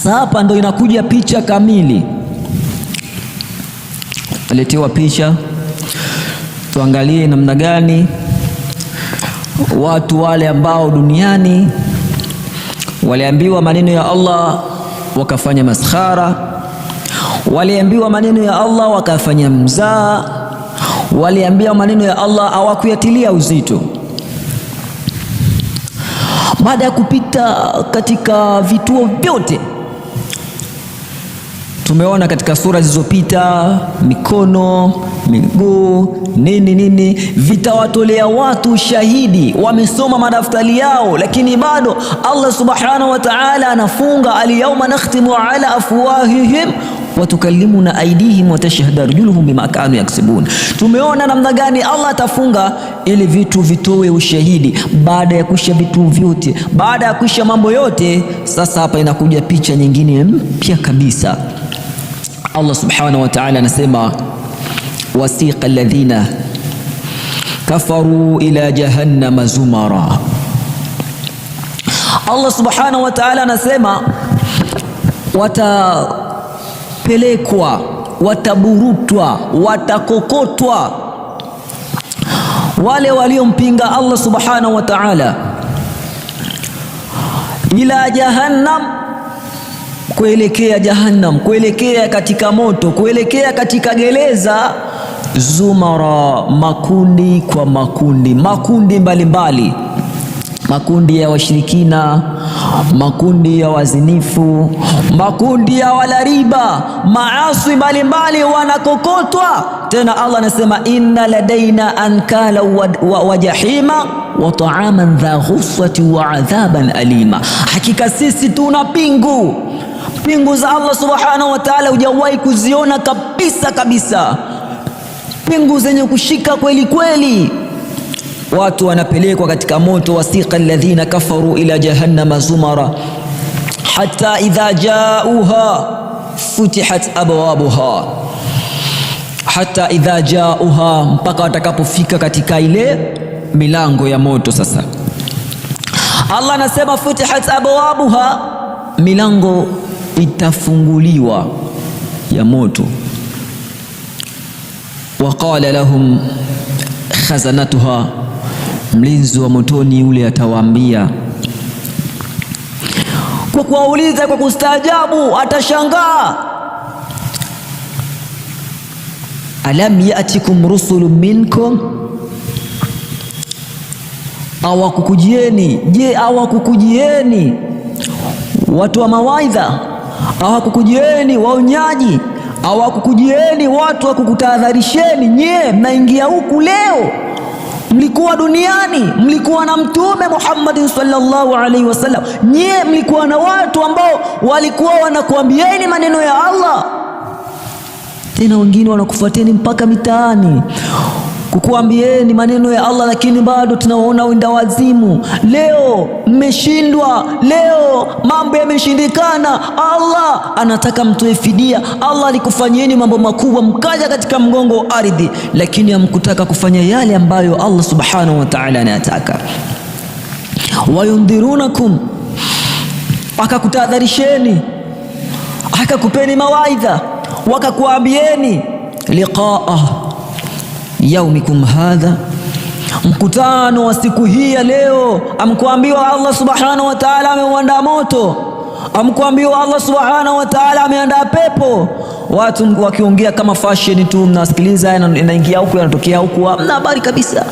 Sasa hapa ndo inakuja picha kamili, aletewa picha, tuangalie namna gani watu wale ambao duniani waliambiwa maneno ya Allah wakafanya maskhara, waliambiwa maneno ya Allah wakafanya mzaa, waliambiwa maneno ya Allah hawakuyatilia uzito. Baada ya kupita katika vituo vyote Tumeona katika sura zilizopita mikono, miguu, nini nini, vitawatolea watu ushahidi. Wamesoma madaftari yao, lakini bado Allah subhanahu wa ta'ala anafunga alyauma nakhtimu ala afwahihim watukallimuna aidihim wa tashhadu arjuluhum bima kanu yaksibun. Tumeona namna gani Allah atafunga ili vitu vitoe ushahidi. Baada ya kuisha vitu vyote, baada ya kuisha mambo yote, sasa hapa inakuja picha nyingine mpya kabisa. Allah subhanahu wa ta'ala anasema wasiqa alladhina kafaru ila jahannama zumara. Allah subhanahu wa ta'ala anasema watapelekwa, wataburutwa, watakokotwa wale waliompinga Allah subhanahu wa ta'ala ila jahannam kuelekea Jahannam, kuelekea katika moto, kuelekea katika gereza. Zumara, makundi kwa makundi, makundi mbalimbali mbali. Makundi ya washirikina, makundi ya wazinifu, makundi ya walariba, maasi mbalimbali wanakokotwa. Tena Allah anasema inna ladaina ankala wa, wa, jahima wa taaman dha ghuswati wa adhaban alima, hakika sisi tuna pingu Mbingu za Allah subhanahu wa taala hujawahi kuziona kabisa kabisa, mbingu zenye kushika kweli kweli. Watu wanapelekwa katika moto, wasiqa alladhina kafaru ila jahannama zumara hata idha jauha futihat abwabuha, hata idha jauha, mpaka watakapofika katika ile milango ya moto. Sasa Allah anasema futihat abwabuha, milango itafunguliwa ya moto. Waqala lahum khazanatuha, mlinzi wa motoni yule atawaambia kwa kuwauliza kwa kustaajabu, atashangaa. Alam yatikum rusulu minkum, awakukujieni? Je, awakukujieni watu wa mawaidha hawakukujieni waonyaji, hawakukujieni watu wa kukutahadharisheni. Nyie mnaingia huku leo, mlikuwa duniani, mlikuwa na Mtume Muhammadin sallallahu alaihi wasallam. Nyie mlikuwa na watu ambao walikuwa wanakuambieni maneno ya Allah, tena wengine wanakufuateni mpaka mitaani kukuambieni maneno ya Allah, lakini bado tunawaona winda wazimu. Leo mmeshindwa, leo mambo yameshindikana. Allah anataka mtoe fidia. Allah alikufanyieni mambo makubwa, mkaja katika mgongo wa ardhi, lakini hamkutaka kufanya yale ambayo Allah subhanahu wa ta'ala anayataka. Wayundhirunakum, akakutahadharisheni, akakupeni mawaidha, wakakuambieni liqaa yaumikum hadha, mkutano wa siku hii ya leo. Amkuambiwa Allah subhanahu wa ta'ala ameuandaa moto, amkuambiwa Allah subhanahu wa ta'ala ameandaa pepo. Watu wakiongea kama fashion tu, mnasikiliza, inaingia huku, yanatokea huku, hamna habari kabisa.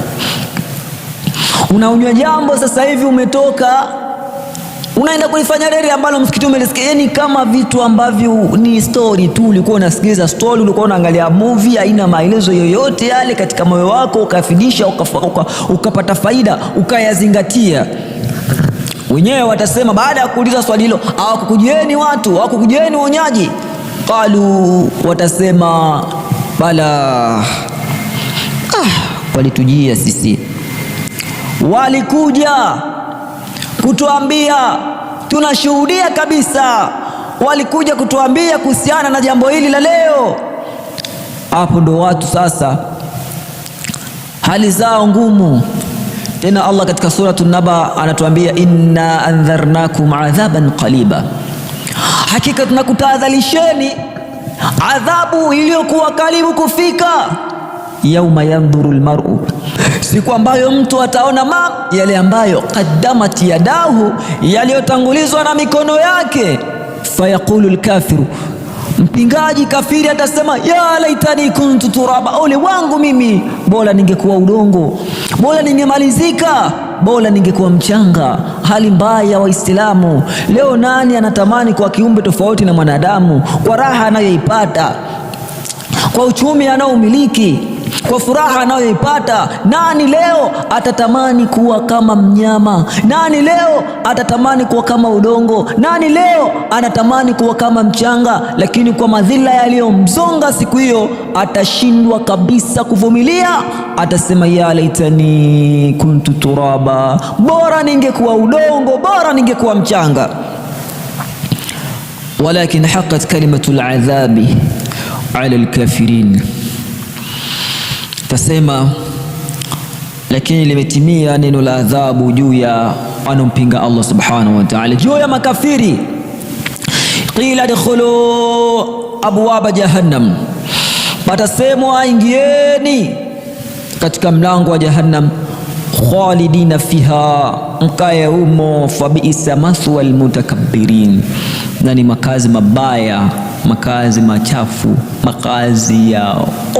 Unaonywa jambo sasa hivi umetoka unaenda kulifanya reli ambalo msikiti umelisikia. Yani kama vitu ambavyo ni story tu, ulikuwa unasikiliza story, ulikuwa unaangalia movie, haina maelezo yoyote yale katika moyo wako, ukafidisha ukapata faida, ukayazingatia wenyewe. Watasema baada ya kuuliza swali hilo, hawakukujieni watu, hawakukujieni wonyaji? Qalu, watasema bala ah, walitujia sisi, walikuja kutuambia, tunashuhudia kabisa walikuja kutuambia kuhusiana na jambo hili la leo. Hapo ndo watu sasa hali zao ngumu tena. Allah katika suratu Naba anatuambia inna andharnakum adhaban qaliba, hakika tunakutahadharisheni adhabu iliyokuwa karibu kufika. Yauma yandhuru almar'u siku ambayo mtu ataona ma yale ambayo qaddamat yadahu, yaliyotangulizwa na mikono yake. Fayaqulu lkafiru, mpingaji kafiri atasema ya laitani kuntu turaba, ole wangu mimi, bora ningekuwa udongo, bora ningemalizika bora ningekuwa mchanga. Hali mbaya Waislamu leo, nani anatamani kwa kiumbe tofauti na mwanadamu, kwa raha anayoipata, kwa uchumi anaoumiliki kwa furaha anayoipata. Nani leo atatamani kuwa kama mnyama? Nani leo atatamani kuwa kama udongo? Nani leo anatamani kuwa kama mchanga? Lakini kwa madhila yaliyomzonga siku hiyo, atashindwa kabisa kuvumilia, atasema ya laitani kuntu turaba, bora ningekuwa udongo, bora ningekuwa mchanga. Walakin haqqat kalimatu ladhabi ala alkafirin Tasema, lakini limetimia neno la adhabu juu ya wanaompinga Allah subhanahu wa ta'ala, juu ya makafiri. Qila dkhulu abwaba jahannam, patasemwa ingieni katika mlango wa jahannam khalidina fiha, mkaye umo Fabiisa mathwa almutakabbirin, na ni makazi mabaya, makazi machafu, makazi ya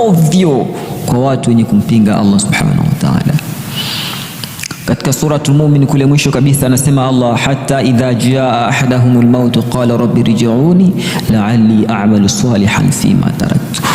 ovyo kwa watu wenye kumpinga Allah subhanahu wa ta'ala. Katika Suratul Mumin kule mwisho kabisa anasema Allah, hatta idha jaa ahadahumul maut qala rabbi rji'uni la'alli a'malu salihan fima taraktu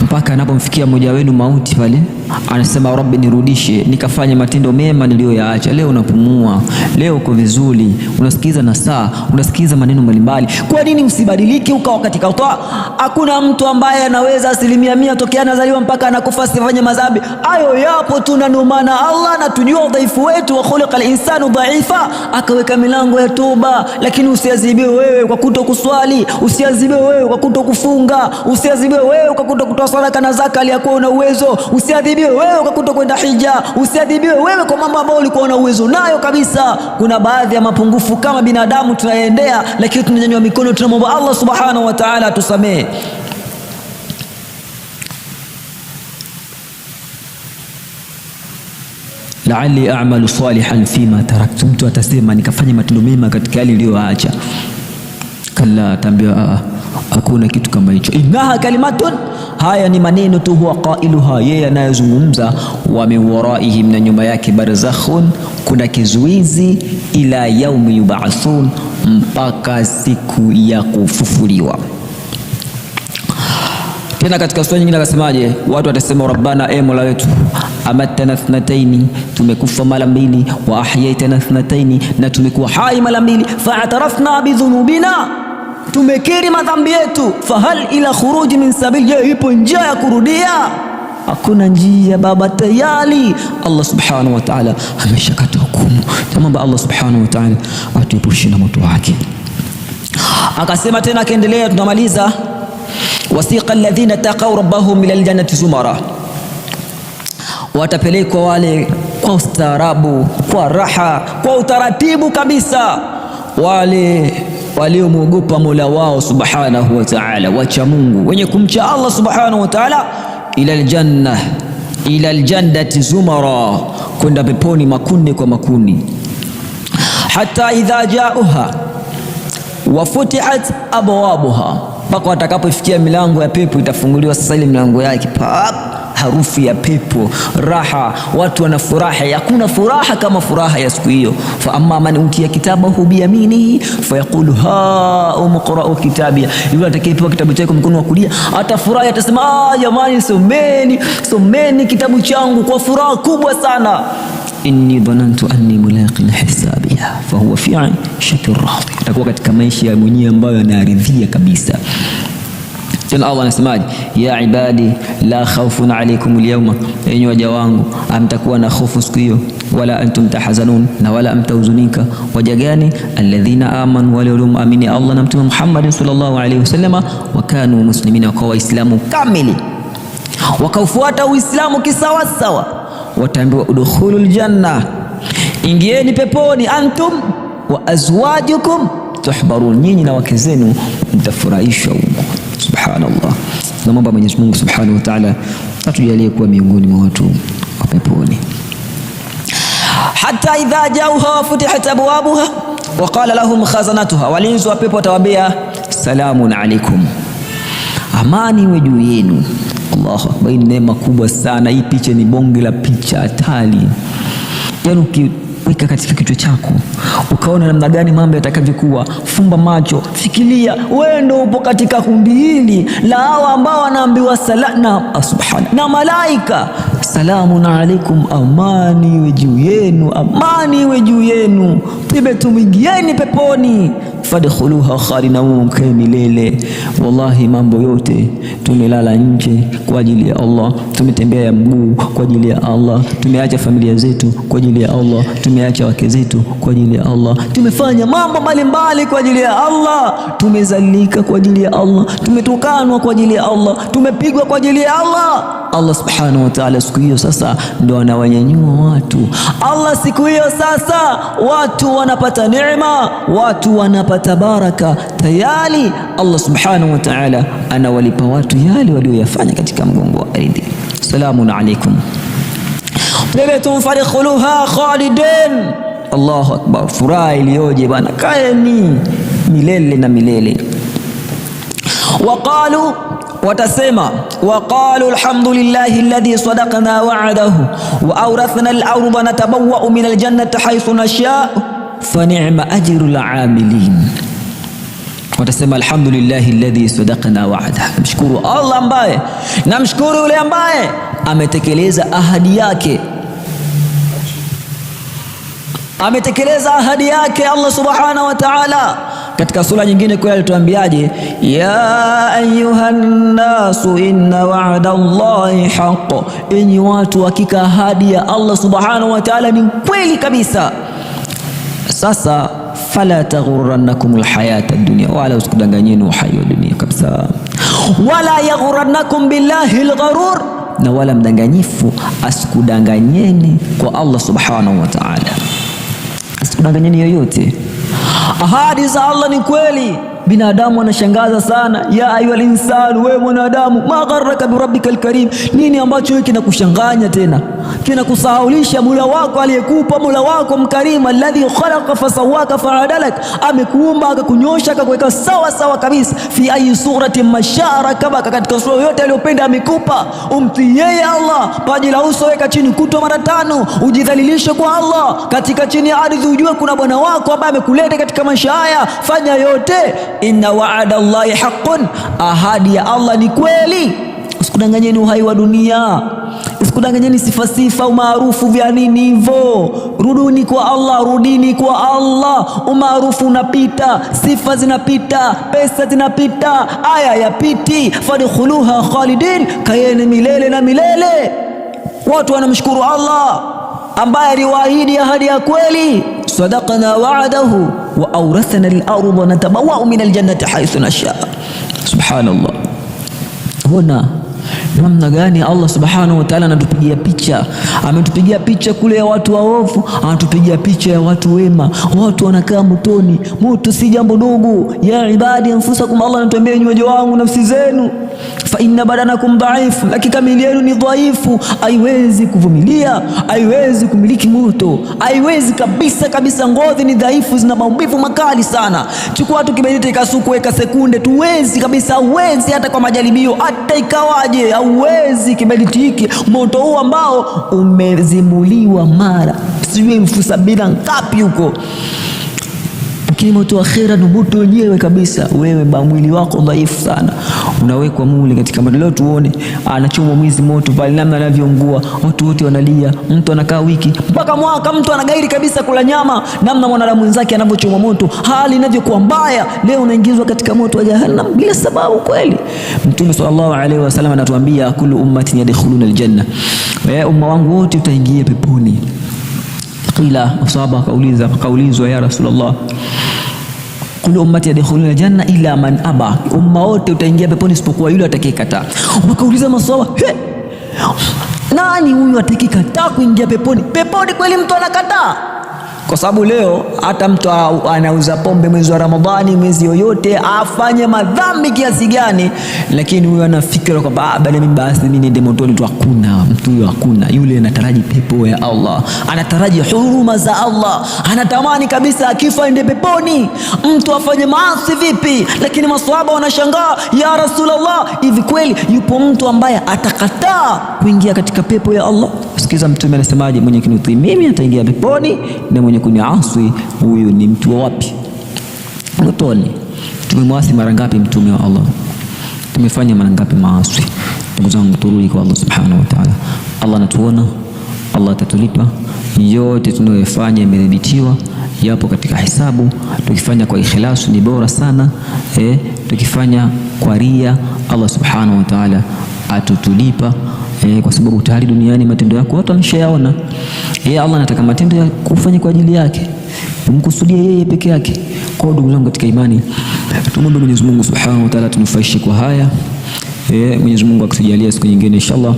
mpaka anapomfikia mmoja wenu mauti pale, anasema Rabbi, nirudishe nikafanye matendo mema niliyoyaacha. Leo unapumua, leo uko vizuri, unasikiza na saa, unasikiza maneno mbalimbali. Kwa nini msibadilike ukawa katika utoa? Hakuna mtu ambaye anaweza asilimia mia tokea anazaliwa mpaka anakufa asifanye madhambi. Hayo yapo tu, na ndio maana Allah anatujua udhaifu wetu, wa khulika al-insanu dhaifa, akaweka milango ya toba. Lakini usiadhibiwe wewe kwa kuto kuswali, usiadhibiwe wewe kwa kuto kufunga, usiadhibiwe wewe kwa kuto kutoa sadaka na zaka aliyakuwa una uwezo. Usiadhibiwe wewe kwa kutokwenda hija, usiadhibiwe wewe kwa mambo ambayo ulikuwa una uwezo nayo kabisa. Kuna baadhi ya mapungufu kama binadamu tunaendea, lakini tunanyanyua mikono, tunamwomba Allah subhanahu wa ta'ala atusamehe. Laali a'malu salihan fima taraktu, mtu atasema nikafanya matendo mema katika yale niliyoacha. Kalla, ataambiwa ah, hakuna kitu kama hicho. Innaha kalimatun Haya ni maneno tu, huwa qailuha, yeye anayozungumza. Wa min waraihim, na nyuma yake barzakhun, kuna kizuizi, ila yaumi yubathun, mpaka siku ya kufufuliwa. Tena katika sura nyingine akasemaje? Watu watasema rabbana, e mola wetu, amatana thnataini, tumekufa mara mbili, wa ahyaitana thnataini, na tumekuwa hai mara mbili, fatarafna bidhunubina tumekiri madhambi yetu, fahal ila khuruji min sabil, je, ipo njia ya kurudia? Hakuna njia baba, tayari Allah subhanahu wa ta'ala ameshakata hukumu. Tamamba Allah subhanahu wa ta'ala atuepushe na moto wake. Akasema tena, akaendelea, tunamaliza wasiqa alladhina taqaw rabbahum ila aljannati zumara, watapelekwa wale kwa ustaarabu, kwa raha, kwa utaratibu kabisa wale waliomwogopa Mola wao subhanahu wa ta'ala, wacha Mungu, wenye kumcha Allah subhanahu wa ta'ala, ila aljanna ila aljannati zumara, kwenda peponi makundi kwa makundi. Hata idha jauha wafutihat abwabuha, mpaka watakapofikia milango ya pepo itafunguliwa sasa ile milango yake pap harufu ya pepo, raha, watu wana furaha. Hakuna furaha kama furaha ya siku hiyo. Fa amma man utiya kitabahu biyaminihi fayaqulu ha umqra'u kitabia, yule atakayepewa kitabu chake mkono wa kulia atafurahi, atasema ah, jamani, someni someni kitabu changu kwa furaha kubwa sana inni dhanantu anni mulaqin hisabia fahuwa fi 'ishatin radiyah, atakuwa katika maisha ya mwenyewe ambayo anaridhia kabisa. Tena Allah anasemaje? Ya ibadi la khawfun alaykum alyawma, enyi waja wangu amtakuwa na hofu siku hiyo, wala antum tahzanun, na wala amtahuzunika. Waja gani? Alladhina amanu, wale walioamini Allah na Mtume Muhammad sallallahu alayhi wasallama, wakanu muslimina, wakawa waislamu kamili, wakaufuata Uislamu kisawasawa, wataambiwa udkhulu janna, ingieni peponi, antum wa azwajukum tuhbarun, nyinyi na wake zenu mtafurahishwa huko subhanallah. Namwomba Mwenyezi Mungu subhanahu wa Ta'ala atujalie kuwa miongoni mwa watu wa peponi. Hata idha jauha wafutihat abwabuha waqala lahum khazanatuha, walinzi wa pepo watawabia salamun alaikum, amani iwe juu yenu. Allahu akbar, neema kubwa sana hii. Picha ni bonge la picha hatari, yaani kuweka katika kichwa chako, ukaona namna gani mambo yatakavyokuwa. Fumba macho, fikiria wewe ndio upo katika kundi hili la hao ambao wanaambiwa sala na ah, subhana na malaika, salamun alaikum, amani iwe juu yenu, amani iwe juu yenu imetumwingieni peponi fadkhuluha khalidin, mkae milele. Wallahi, mambo yote tumelala nje kwa ajili ya Allah, tumetembea ya mguu kwa ajili ya Allah, tumeacha familia zetu kwa ajili ya Allah, tumeacha wake zetu kwa ajili ya Allah, tumefanya mambo mbalimbali kwa ajili ya Allah, tumezalika kwa ajili ya Allah, tumetukanwa kwa ajili ya Allah, tumepigwa kwa ajili ya Allah. Allah subhanahu wa ta'ala, siku hiyo sasa ndo anawanyanyua watu. Allah siku hiyo sasa watu wanapata neema, watu wanapata baraka. Tayari Allah subhanahu wa ta'ala anawalipa watu yale walioyafanya katika mgongo wa ardhi. Salamun alaikum pepetun farikhuluha khalidin. Allahu akbar, furaha iliyoje bana! Kaeni milele na milele. Waqalu وتسمى وقالوا الحمد لله الذي صدقنا وعده وأورثنا الأرض نتبوأ من الجنة حيث نشاء fa ni'ma ajrul amilin. Watasema alhamdulillahi alladhi sadaqana wa'ada, mshukuru Allah ambaye, namshukuru yule ambaye ametekeleza ahadi yake ametekeleza ahadi yake Allah subhanahu wa ta'ala. Katika sura nyingine kule alituambiaje? ya ayuhan nasu inna wa'da Allahi haqq, enyi watu, hakika ahadi ya Allah subhanahu wa ta'ala ni kweli kabisa. Sasa fala taghurannakum alhayata dunya, wala usikudanganyeni uhai wa dunia kabisa, wala yaghurannakum billahi algharur, na wala mdanganyifu asikudanganyeni kwa Allah subhanahu wa ta'ala, asikudanganyeni yoyote. Ahadi za Allah ni kweli Binadamu anashangaza sana, ya ayuhal insanu, wewe mwanadamu, ma gharraka birabbikal karim, nini ambacho wewe kinakushanganya tena kinakusahaulisha mula wako aliyekupa, mula wako mkarimu, alladhi khalaqa fasawaka faadalak, amekuumba akakunyosha akakuweka sawa sawa kabisa. Fi ayi surati masharakabaka, katika sura yote aliyopenda amekupa. umti yeye Allah, paji la uso weka chini kutwa mara tano, ujidhalilishe kwa Allah katika chini ya ardhi, ujue kuna bwana wako ambaye amekuleta katika maisha haya. Fanya yote inna waada Allahi haqqun, ahadi ya Allah ni kweli. Usikudanganyeni uhai wa dunia, usikudanganyeni sifa sifa umaarufu vya nini hivyo. Rudini kwa Allah, rudini kwa Allah. Umaarufu unapita, sifa zinapita, pesa zinapita, aya yapiti. Fadkhuluha khalidin, kayeni milele na milele. Watu wanamshukuru Allah ambaye aliwaahidi ahadi ya kweli. صدقنا وعده وأورثنا الأرض نتبوأ من الجنة حيث نشاء سبحان الله هنا namna gani Allah subhanahu wa ta'ala anatupigia picha. Ametupigia picha kule ya watu waovu, anatupigia picha ya watu wema. Watu wanakaa motoni, moto si jambo dogo. Ya ibadi anfusakum, Allah anatuambia nyinyi waja wangu, nafsi zenu, fa inna badanakum dhaifu, lakini kamili yenu ni dhaifu, haiwezi kuvumilia, haiwezi kumiliki moto, haiwezi kabisa kabisa. Ngozi ni dhaifu, zina maumivu makali sana. Chukua tu kibeti ikasuku, weka sekunde, tuwezi kabisa, uwezi hata kwa majaribio, hata ikawa utawezaje? Hauwezi kiberiti hiki, moto huu ambao umezimuliwa mara sijui elfu sabini ngapi huko lakini moto akhera ni moto wenyewe kabisa. Wewe ba mwili wako dhaifu sana, unawekwa muli katika moto. Leo tuone anachomwa mwizi moto pale, namna anavyoungua, watu wote wanalia, mtu anakaa wiki mpaka mwaka, mtu anagairi kabisa kula nyama, namna mwanadamu mwenzake anavyochomwa moto, hali inavyokuwa mbaya. Leo unaingizwa katika moto wa jahannam bila sababu. Kweli Mtume sallallahu alaihi wasallam anatuambia kullu ummatin yadkhuluna aljanna, eh, umma wangu wote utaingia peponi qila, sahaba kauliza kaulizwa, ya Rasulullah, kul ummati yadkhuluna janna illa man aba, umma wote utaingia peponi isipokuwa yule atakayekataa. Wakauliza maswahaba, nani huyu atakayekataa kuingia peponi? Peponi kweli mtu anakataa? kwa sababu leo hata mtu anauza pombe mwezi wa Ramadhani, mwezi yoyote, afanye madhambi kiasi gani, lakini huyo anafikira kwamba ah, bali mimi basi mimi niende motoni tu. Hakuna mtu huyo, hakuna yule. Anataraji pepo ya Allah, anataraji huruma za Allah, anatamani kabisa akifa aende peponi. Mtu afanye maasi vipi? Lakini maswahaba wanashangaa, ya Rasulullah, hivi kweli yupo mtu ambaye atakataa kuingia katika pepo ya Allah? Sikiza mtume anasemaje, mwenye kunitii mimi ataingia peponi na mwenye kuniasi huyu ni mtu wa wapi? Peponi. Tumemwasi mara ngapi mtume wa Allah? Tumefanya mara ngapi maasi? Ndugu zangu, turudi kwa Allah subhanahu wa ta'ala. Allah anatuona, Allah atatulipa yote tunayofanya, imedhibitiwa yapo katika hisabu. Tukifanya kwa ikhlasu ni bora sana eh, tukifanya kwa ria, Allah subhanahu wa ta'ala atutulipa eh, kwa sababu tayari duniani matendo yako watu wameshayaona. Yeye Allah anataka matendo ya kufanya kwa ajili yake, umkusudie yeye peke yake. Kwa ndugu zangu katika imani, tumwombe Mwenyezi Mungu Subhanahu wa Ta'ala tunufaishe kwa haya. Eh, Mwenyezi Mungu akitujalia siku nyingine inshallah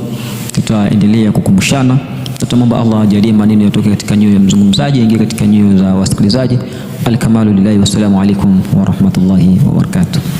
tutaendelea kukumbushana. Tutamwomba Allah ajalie maneno yatoke katika nyoyo ya mzungumzaji yaingie katika nyoyo za wasikilizaji. Alkamalu lillahi, wassalamu alaikum wa barakatuh.